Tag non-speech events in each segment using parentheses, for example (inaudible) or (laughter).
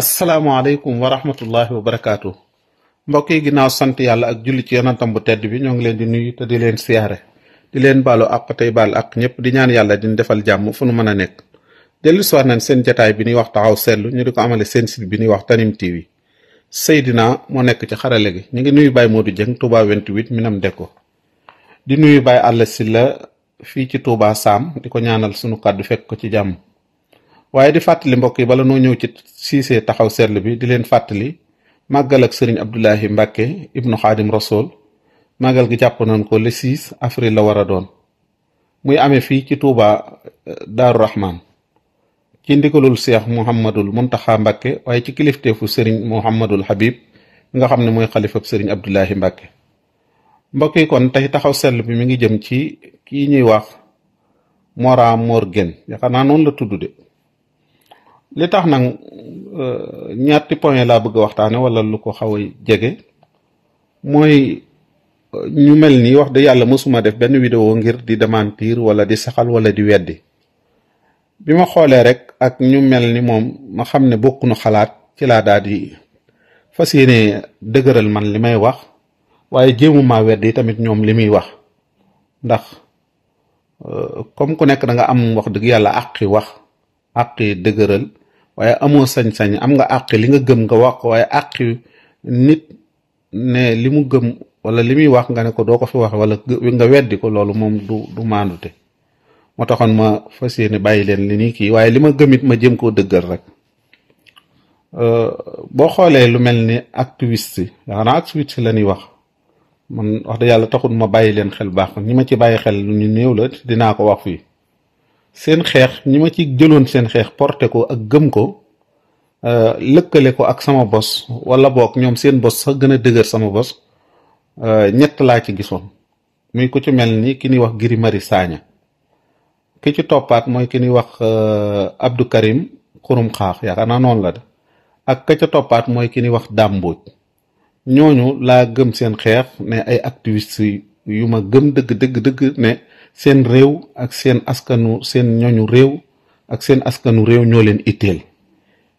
asalaamaaleykum wa rahmatullahi wa barakaatu mbokk yi ginnaaw sant yàlla ak julli ci yonantam bu tedd bi ñoo ngi leen di nuyu te di leen siyaare di leen baalu àq tey baal àq ñëpp di ñaan yàlla diñ defal jàmm fu nu mën a nekk dellu si waat nañ seen jataay bi ñuy wax taxaw seetlu ñu di ko amale seen site bi ñuy wax Tanim TV Seydina moo nekk ci xarale gi ñu ngi nuyu Baye Modou Dieng Touba 28 Minam Deko di nuyu baay Baye Alla la fii ci Touba Sam di ko ñaanal sunu kàddu fekk ko ci jàmm waaye di fàttali mbokk yi bala noo ñëw ci siisee taxaw seetlu bi di leen fàttali màggal ak sëriñ Abdoulahi Mbàkke ibnu xaadim rasool màggal gi jàpp nañ ko le 6 avril la war a doon muy ame fii ci Touba eh, Daaru Rahman ci ndigalul seex Muhammadul Muntaxa Mbàkke waaye ci kilifteefu sëriñ Muhammadul Habib nga xam ne mooy xalifab sëriñ Abdoulahi Mbàkke mbokk yi kon tey taxaw seetlu bi mi ngi jëm ci ki ñuy wax Mora moor gen yaakaar naa noonu la tudd de li tax nag euh, ñetti point laa bëgg a waxtaane wala lu ko xaw jege mooy euh, ñu mel nii wax de yàlla mësuma def benn vidéo ngir di démentir wala di saxal wala di weddi bi ma xoolee rek ak ñu mel ni moom ma xam ne bokk xalaat ci laa daal di fas yéene dëgëral man li may wax waaye jéemu jéemumaa weddi tamit ñoom li muy wax ndax euh, comme ku nekk da nga am wax dëgg yàlla àqi wax àq yi dëgëral waaye amoo sañ-sañ am nga àq li nga gëm nga wax waaye àq nit ne li mu gëm wala li muy wax nga ne ko doo ko fi wax wala nga weddi ko loolu moom du du maandute moo taxoon ma fas yéene bàyyi leen li nii kii waaye li ma gëm it ma jëm koo dëggal rek euh, boo xoolee lu mel ni activiste yi xanaa activiste la ñuy wax man wax dëgg yàlla taxul ma bàyyi leen xel baax ñi ma ci bàyyi xel lu ñu néew la dinaa ko wax fii seen xeex ñi ma ci jëloon seen xeex porté ko ak gëm ko euh, lëkkale ko ak sama bos wala boog ñoom seen bos sax gën a dëgër sama bos euh, ñett laa ci gisoon muy ko ci mel ni ki ñuy wax giri mari Sagna ki ci toppaat mooy ki ñuy wax euh, Abdou Karim xurum xaax yaakaar naa noonu la de ak ka ca toppaat mooy ki ñuy wax Dame Mbodj ñooñu laa gëm seen xeex ne ay activistes yu ma gëm dëgg dëgg dëgg ne seen réew ak seen askanu seen ñoñu réew ak seen askanu réew ñoo leen itteel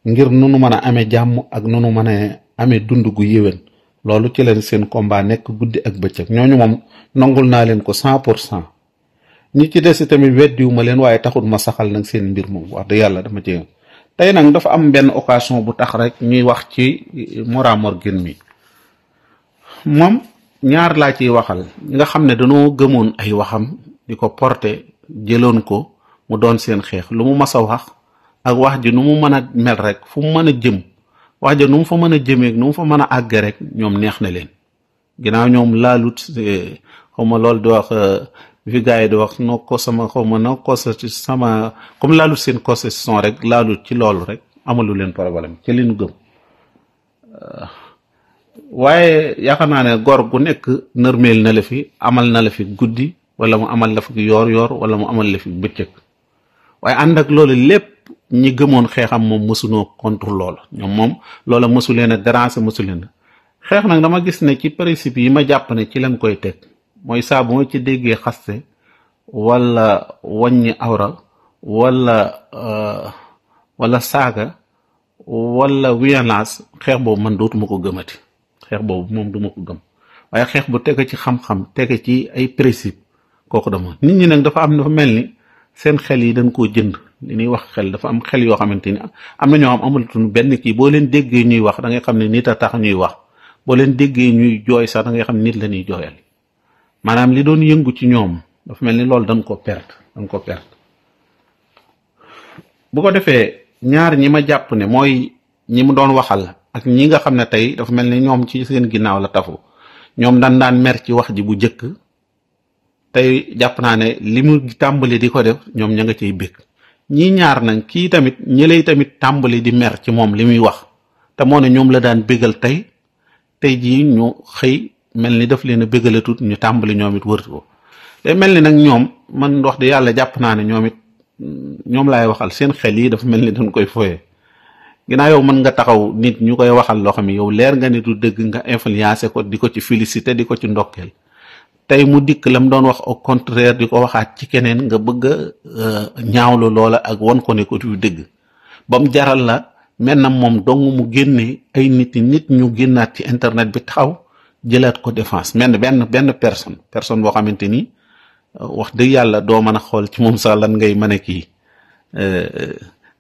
ngir nu nu mën a amee jàmm ak nu nu mën a amee dund gu yéwén loolu ci leen seen combat nekk guddi ak bëccëg ñooñu moom nangul naa leen ko sant pour cent ñi ci des tamit weddiwu leen waaye taxul ma saxal nag seen mbir moom wax dëgg yàlla dama ci tey nag dafa am benn occasion bu tax rek ñuy wax ci Mollah Morgun mi moom ñaar laa ciy waxal nga xam ne dañoo gëmoon ay waxam di ko porter jëloon ko mu doon seen xeex lu mu mas a wax ak wax ji nu mu mën a mel rek fu mu mën a jëm wax ja nu mu fa mën a jëmee nu mu fa mën a àggee rek ñoom neex na leen ginnaaw ñoom laalut eh, xaw ma lool di wax eh, fi gars yi di wax noo ko sama xaw ma noo ko sama comme laalut seen concession rek laalut ci loolu rek amalu leen problème ci leen gëm eh, waaye yaakaar naa ne góor gu nekk nërmeel na la fi amal na la fi guddi wala mu amal la fi yoor yoor wala mu amal la fi bëccëg waaye ànd ak loolu lépp ñi gëmoon xeexam moom mësunoo contre loola ñoom moom loola mësu leen a déranger mësu leen xeex nag dama gis ne ci principe yi ma jàpp ne ci lañ koy teg mooy saa bu ci déggee xaste wala wàññi awra walla euh, wala saaga walla violence xeex boobu man dootuma ko gëmati xeex boobu moom duma ko gëm waaye xeex bu teg ci xam-xam tege ci ay principe kooku dama nit ñi nag dafa am dafa mel ni seen xel yi dañ koo jënd li ñuy wax xel dafa am xel yoo xamante ni am na ñoo xam amatuñu benn kii boo leen déggee ñuy wax dangay xam ne nit a ñuy wax boo leen déggee ñuy jooy sax da ngay xam nit la ñuy jooyal maanaam li doon yëngu ci ñoom dafa mel ni loolu dañ ko perte dañ ko perte bu ko defee ñaar ñi ma jàpp ne mooy ñi mu doon waxal ak ñi nga xam ne tey dafa mel ni ñoom ci seen ginnaaw la tafu ñoom dan daan mer ci wax ji bu jëkk tey jàpp naa ne li mu tàmbali di ko def ñoom ña nga cay bég ñii ñaar nañ kii tamit ñëlay tamit tàmbali di mer ci moom li muy wax te moo ne ñoom la daan bégal tey tey jii ñu xëy mel ni daf leen a bégalatut ñu tàmbali ñoom it wër ko te mel ni nag ñoom man ndox di yàlla jàpp naa ne ñoom it mm, ñoom laay waxal seen xel yi dafa mel ni dañ koy foyee ginnaaw yow mën nga taxaw nit ñu koy waxal loo xam ne yow leer nga ne du dëgg nga influencé ko di ko ci félicité di ko ci ndokkeel tey mu dikk la mu doon wax au contraire di ko waxaat ci keneen nga bëgg a euh, ñaawlu loola ak won ko ne ko du dégg ba mu jaral la mel na moom dong mu génne ay nit yi nit ñu génnaat ci internet bi taxaw jëlaat ko défense mel benn benn personne personne boo xamante ni euh, wax dëgg yàlla doo mën a xool ci moom sax lan ngay mën a kii euh,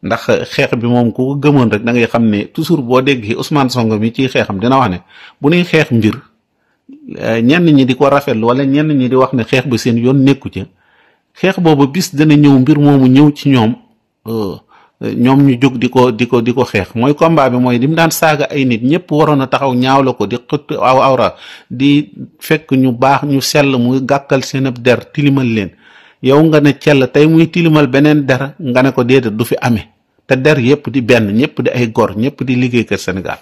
ndax xeex bi moom ku ko gëmoon rek da ngay xam ne toujours boo déggee Ousmane Sonko mi ciy xeexam dina wax ne bu nuy xeex mbir. Euh, ñenn ñi di ko rafetlu wala ñenn ñi di wax ne xeex ba seen yoon nekku ca xeex boobu bis dana ñëw mbir moomu ñëw ci ñoom euh, ñoom ñu jóg di ko di ko di ko xeex mooy combat bi mooy di mu daan saaga ay nit ñëpp waroon a taxaw ñaaw la ko di xëtt aw awra di fekk ñu baax ñu sell muy gàkkal seen ab der tilimal leen yow nga ne cell tey muy tilimal beneen der nga ne ko déedéet du fi amee te der yëpp di benn ñëpp di ay gor ñëpp di liggéey kër Sénégal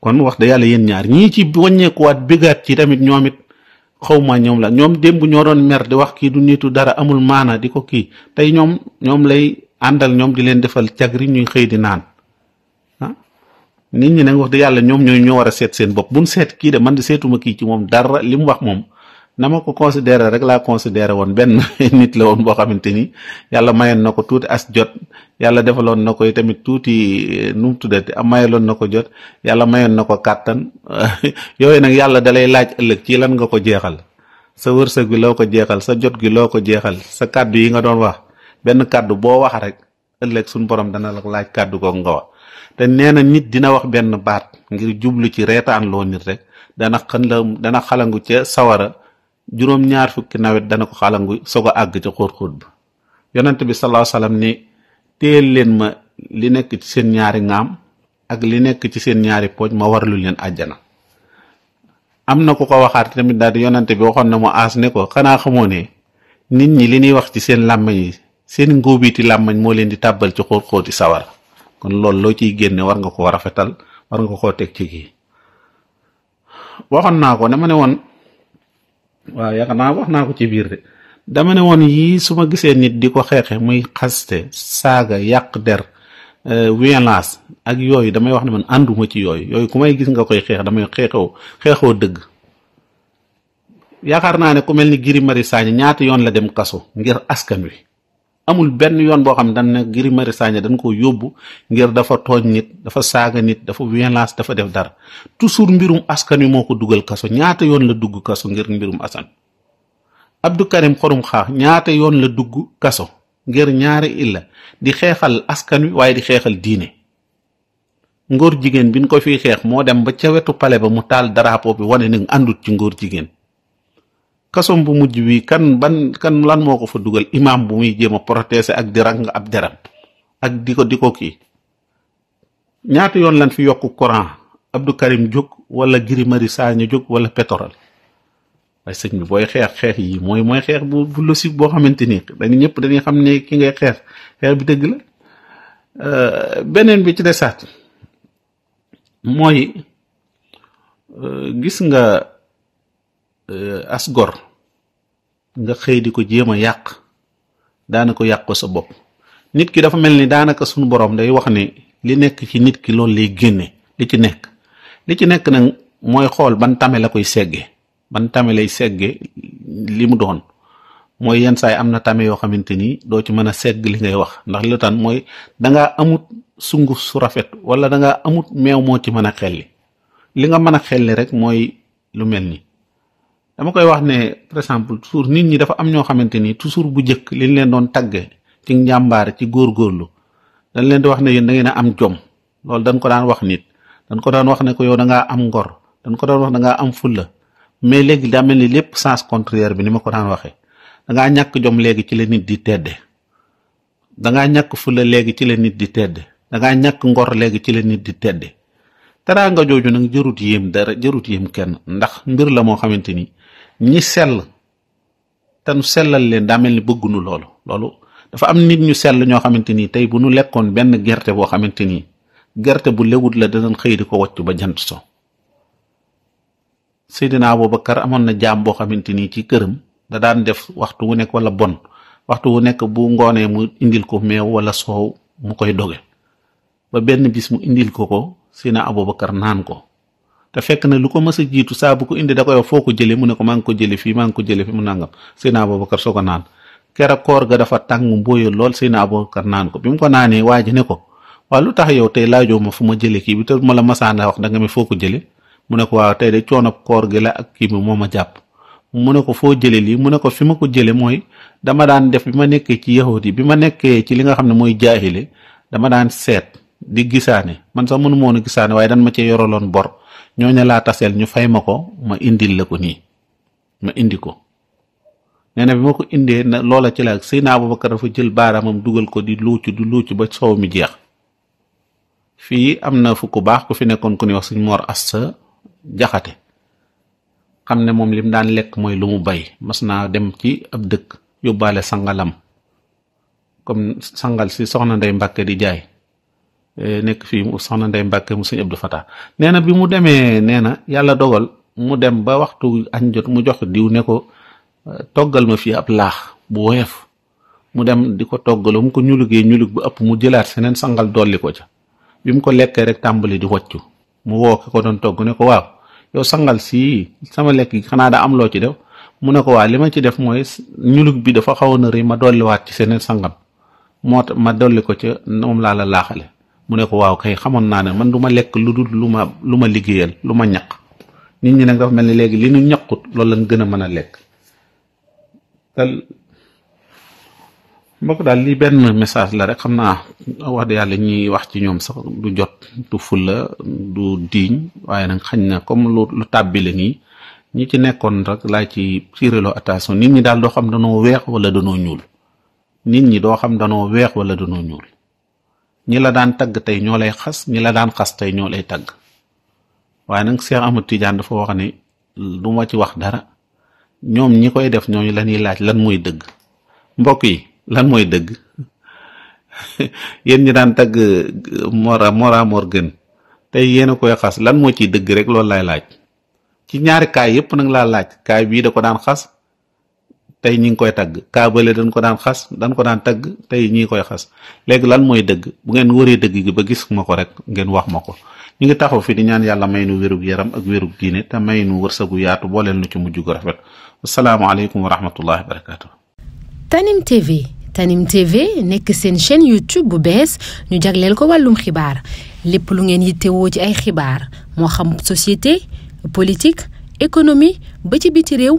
kon wax da yàlla yéen ñaar ñii ci wàññeekuwaat bégaat ci tamit ñoom it xaw ma ñoom la ñoom démb ñoo doon mer di wax kii du nitu dara amul maana di ko kii tey ñoom ñoom lay àndal ñoom di leen defal cagri ñuy xëy di naan ah nit ñi nag wax da yàlla ñoom ñooy ñoo war a seet seen bopp bu buñ seet kii de man di seetuma kii ci moom dara li mu wax moom na ma ko considéré rek laa considéré woon benn (laughs) nit la woon boo xamante ni yàlla mayoon na ko tuuti as jot yàlla defaloon na ko tamit tuuti eh, nu mu tuddati mayeloon na ko jot yàlla mayoon na ko kàttan (laughs) yooyu nag yàlla dalay laaj ëllëg ci lan nga ko jeexal sa wërsëg bi loo ko jeexal sa jot gi loo ko jeexal sa kàddu yi nga doon wax benn kàddu boo wax rek ëllëg suñu borom dana la laaj kàddu googu nga wax te nee na nit dina wax benn baat ngir jublu ci reetaan loo nit rek dana xën sawara juróom-ñaar fukki nawet dana ko xalangu soog a àgg ci xóot-xóot ba yonent bi sallallahu alayhi ni téel leen ma li nekk ci seen ñaari ŋaam ak li nekk ci seen ñaari pooj ma warlu leen àjjana am na ku ko waxaat tamit daal di yonent bi waxoon na mu aas ne ko xanaa xamoo ne nit ñi li ñuy wax ci seen làmmañ yi seen ngóobiiti làmmañ moo leen di tàbbal ci xóot-xóoti sawar kon loolu loo ciy génne war nga ko rafetal war nga koo teg ci kii waxoon naa ko dama waaw yaakaar naa wax naa ko ci biir de dama ne woon yii su ma gisee nit di ko xeexe muy xaste saaga yàq der euh, violence ak yooyu damay wax ne man ànduma ci yooyu yooyu ku may gis nga koy xeex damay xeexoo xeexoo dëgg yaakaar naa ne ku mel ni Guy Marius Sagna ñaata yoon la dem kaso ngir askan wi amul benn yoon boo xam ne dañ ne Guy Marius dañ ko yóbbu ngir dafa tooñ nit dafa saaga nit dafa violence dafa def dara toujours mbirum askan wi moo ko dugal kaso ñaata yoon la dugg kaso ngir mbirum asan Abdou Karim Xorom Xaax ñaata yoon la dugg kaso ngir ñaari illa di xeexal askan wi waaye di xeexal diine ngóor jigéen bi ñu ko fi xeex moo dem ba ca wetu pale ba mu taal daraapo bi wane ni àndut ci ngóor jigéen kasom bu mujj bi kan ban kan lan moo ko fa dugal imaam bu muy jéem a protesté ak di rang ab deram ak di ko di ko kii ñaata yoon lan fi yokk courant Abdou Karim jóg wala Guy Marius Sagna jóg wala pétrole waaye sëñ bi booy xeex xeex yi mooy mooy xeex bu bu boo xamante ni dañu ñëpp dañuy xam ne ki ngay xeex xeex bi dëgg la euh, beneen bi ci desaat mooy euh, gis nga. Euh, as gor nga xëy di ko jéem a yàq daana ko yàq ko sa bopp nit ki dafa mel ni daanaka suñu borom day wax ne li nekk ci nit ki lool lay génne li ci nekk li ci nekk nag mooy xool ban tame la koy segge ban tame lay segge li mu doon mooy yenn saay am na tame yoo xamante ni doo ci mën a segg li ngay wax ndax li tan mooy dangaa amut sunguf su rafet wala dangaa amut meew moo ci mën a xelli li nga mën a xelli rek mooy lu mel ni dama koy wax ne par exemple toujours nit ñi dafa am ñoo xamante ni toujours bu njëkk liñ leen doon tagge ci njàmbaar ci góorgóorlu dañ leen di wax ne yéen da ngeen a am jom loolu dañ ko daan wax nit dañ ko daan wax ne ko yow da ngaa am ngor dañ ko daan wax da am fulla mais léegi daa ni lépp sens contraire bi ni ma ko daan waxee da ngaa ñàkk jom léegi ci leen nit di tedde da ñàkk fulla léegi ci leen nit di tedde da ñàkk ngor léegi ci leen nit di tedde nga jooju nag jërut yéem dara jërut yéem kenn ndax mbir la moo xamante ni ñi sell te nu sellal leen daa mel ni bëggunu loolu loolu dafa am nit ñu sell ñoo xamante ni tey bu nu lekkoon benn gerte boo xamante ni gerte bu lewut la danañ xëy di ko wàcc ba jant so Seydina Abubakar amoon na jaam boo xamante ni ci këram da daan def waxtu wu nekk wala bon waxtu wu nekk bu ngoonee mu indil ko meew wala soow mu koy doge ba benn bis mu indil ko ko Seydina Abubakar naan ko te fekk na lu ko mës a jiitu saa bu ko indi da koy wax foo ko jëlee mu ne ko maa ngi ko jëlee fii maa ngi ko jëlee fii mu nangam Seydina Aboubacar soo ko naan keroog koor ga dafa tàng mbóoyal lool Seydina Aboubacar naan ko bi mu ko naanee waa ji ne ko lu tax yow tey laajoo ma fu ma jëlee kii bi te ma la masaana wax da mi foo ko jëlee mu ne ko waaw tey de coono koor gi la ak kii bi moo ma jàpp mu ne ko foo jëlee lii mu ne ko fi ma ko jëlee mooy dama daan def bi ma nekkee ci yahud yi bi ma nekkee ci li nga xam ne mooy jaahile dama daan seet di gisaane man sax mënu moon a gisaane waaye dan ma cee yoroloon bor ñooña laa taseel ñu fay ma ko ma indil la ko nii ma indi ko nee bi ma ko indee na loola ci la Seydina Abubakar dafa jël baaraamam dugal ko di luucu di luucu ba soow mi jeex fii am na fu ku baax ku fi nekkoon ko ni wax suñ as sa Jaxate xam ne moom lim daan lekk mooy lu mu bay mas naa dem ci ab dëkk yóbbaale sangalam comme sangal si soxna Ndey Mbàkke di jaay nekk fii mu soxna Ndey Mbàkke mu sëñ Abdou Fatah nee na bi mu demee nee na yàlla dogal mu dem ba waxtu añ jot mu jox diw ne ko toggal ma fii ab laax bu woyof mu dem di ko toggaloo mu ko ñuligee ñulig bu ëpp mu jëlaat seneen sangal dolli ko ca bi mu ko lekkee rek tàmbali di woccu mu woo ki ko doon togg ne ko waaw yow sangal sii sama lekk gi xanaa daa am loo ci def mu ne ko waa li ma ci def mooy ñulig bi dafa xaw a rëy ma dolliwaat ci seneen sangam moo ma dolli ko ca moom laa la laaxale mu ne ko waaw kay xamoon naa ne man duma lekk lu dul lu ma lu ma liggéeyal lu ma ñaq nit ñi nag dafa mel ni léegi li ñu ñaqut loolu lañ gën a mën a lekk te mbokk daal lii benn message la rek xam naa wax de yàlla ñuy wax ci ñoom sax du jot du fulla du diiñ waaye nag xañ na comme lu lu tàbbi la nii ñi ci nekkoon rek laay ci tiireloo attention nit ñi daal doo xam danoo weex wala danoo ñuul nit ñi doo xam danoo weex wala danoo ñuul ñi la daan tagg tey ñoo lay xas ñi la daan xas tey ñoo lay tagg waaye nag Cheikh Ahmad Tidiane dafa wax ne du ma ci wax dara ñoom ñi koy def ñooñu la ñuy laaj lan mooy dëgg mbokk yi lan mooy dëgg (laughs) yéen ñi daan tagg Mora Mora gën tey yéen a koy xas lan moo ciy dëgg rek loolu laay laaj ci ñaari kaay yépp nag laa laaj kaay bii da ko daan xas tey ñi ngi koy tagg kaabale dañ ko daan xas dañ ko daan tagg tey ñi koy xas léegi lan mooy dëgg bu ngeen waree dëgg gi ba gis ma ko rek ngeen wax ma ko ñu ngi taxaw fi di ñaan yàlla may nu wérug yaram ak wérug diine te may nu wërsëgu yaatu booleel nu ci mujj gu rafet asalaamaaleykum wa rahmatullahi wa barakatu Tanim TV Tanim TV nekk seen chaîne YouTube bu bees ñu jagleel ko wàllum xibaar lépp lu ngeen yittewoo ci ay xibaar moo xam société politique économie ba ci réew